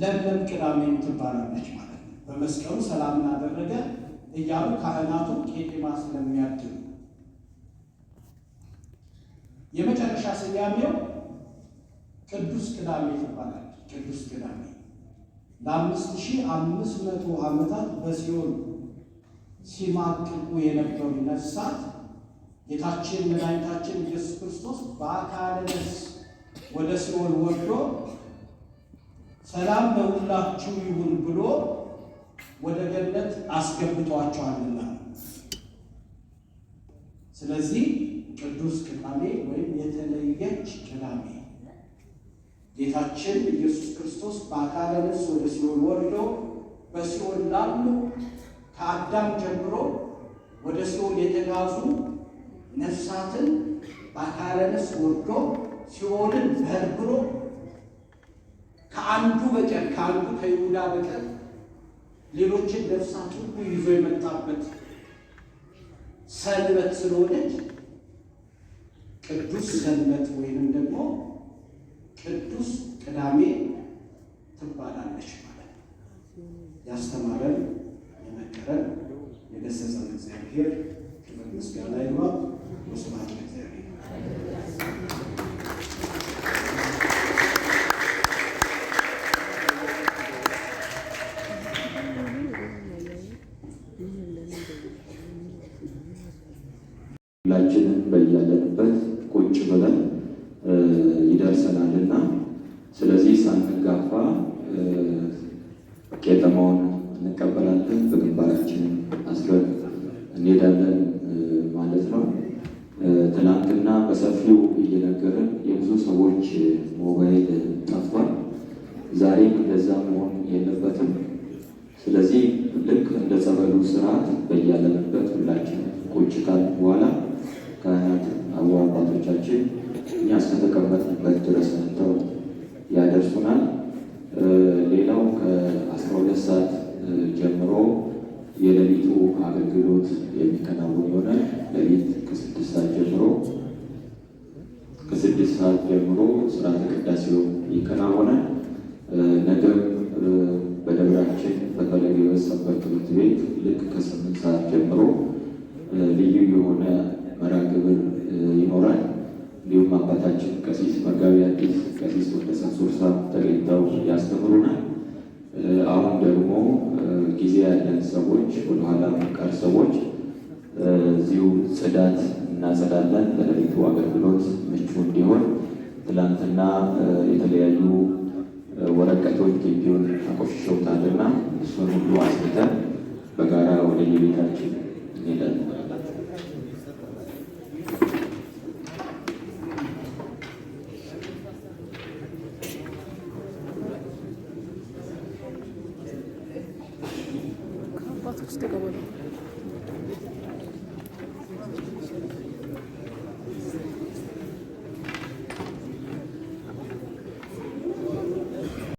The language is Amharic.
ለምለም ቅዳሜም ትባላለች ማለት ነው። በመስቀሉ ሰላምን አደረገ እያሉ ካህናቱ ቄጤማ ስለሚያድሩ የመጨረሻ ስያሜው ቅዱስ ቅዳሜ ትባላለች። ቅዱስ ቅዳሜ ለአምስት ሺህ አምስት መቶ ዓመታት በሲኦል ሲማቅቁ የነበሩ ነፍሳት ጌታችን መድኃኒታችን ኢየሱስ ክርስቶስ በአካለ ነፍስ ወደ ሲኦል ወርዶ ሰላም ለሁላችሁ ይሁን ብሎ ወደ ገነት አስገብቷቸዋልና። ስለዚህ ቅዱስ ቅዳሜ ወይም የተለየች ቅዳሜ ጌታችን ኢየሱስ ክርስቶስ በአካለ ነፍስ ወደ ሲኦል ወርዶ በሲኦል ላሉ ከአዳም ጀምሮ ወደ ሲኦል የተጋዙ ነፍሳትን በአካለ ነፍስ ወርዶ ሲኦልን በርብሮ ከአንዱ በቀር ከአንዱ ከይሁዳ በቀር ሌሎችን ነፍሳት ሁሉ ይዞ የመጣበት ሰንበት ስለሆነች ቅዱስ ሰንበት ወይንም ደግሞ ቅዱስ ቅዳሜ ትባላለች ማለት ነው። ያስተማረን የመከረን የገሰጸን እግዚአብሔር ክብር ምስጋና ይግባ። ወስብሐት ለእግዚአብሔር። ሁላችንም በያለንበት ቁጭ ብለን ይደርሰናልና ስለዚህ ሳንጋፋ ቄጠማውን እንቀበላለን፣ በግንባራችን አስረን እንሄዳለን ማለት ነው። ትናንትና በሰፊው እየነገርን የብዙ ሰዎች ሞባይል ጠፍቷል። ዛሬም እንደዛ መሆን የለበትም። ስለዚህ ልክ እንደ ጸበሉ ስርዓት በያለንበት ሁላችን ቁጭ በኋላ ካህናት አቡ አባቶቻችን እኛ እስከተቀመጥንበት ድረስ መጥተው ያደርሱናል። ሌላው ከአስራ ሁለት ሰዓት ጀምሮ የሌሊቱ አገልግሎት የሚከናወን ይሆናል። ሌሊት ከስድስት ሰዓት ጀምሮ ከስድስት ሰዓት ጀምሮ ስርዓተ ቅዳሴው ይከናወናል። ነገም በደብራችን በተለይ የበሰበት ትምህርት ቤት ልክ ከስምንት ሰዓት ጀምሮ አባታችን ቀሲስ መጋቢ አዲስ ቀሲስ ወደሰን ሶርሳ ተገኝተው ያስተምሩናል። አሁን ደግሞ ጊዜ ያለን ሰዎች ወደኋላ ቀር ሰዎች እዚሁ ጽዳት እናጸዳለን። ለሌሊቱ አገልግሎት ምቹ እንዲሆን ትላንትና የተለያዩ ወረቀቶች ግቢውን አቆሽሸውታልና እሱን ሁሉ አስልተን በጋራ ወደ የቤታችን কষ্ট করে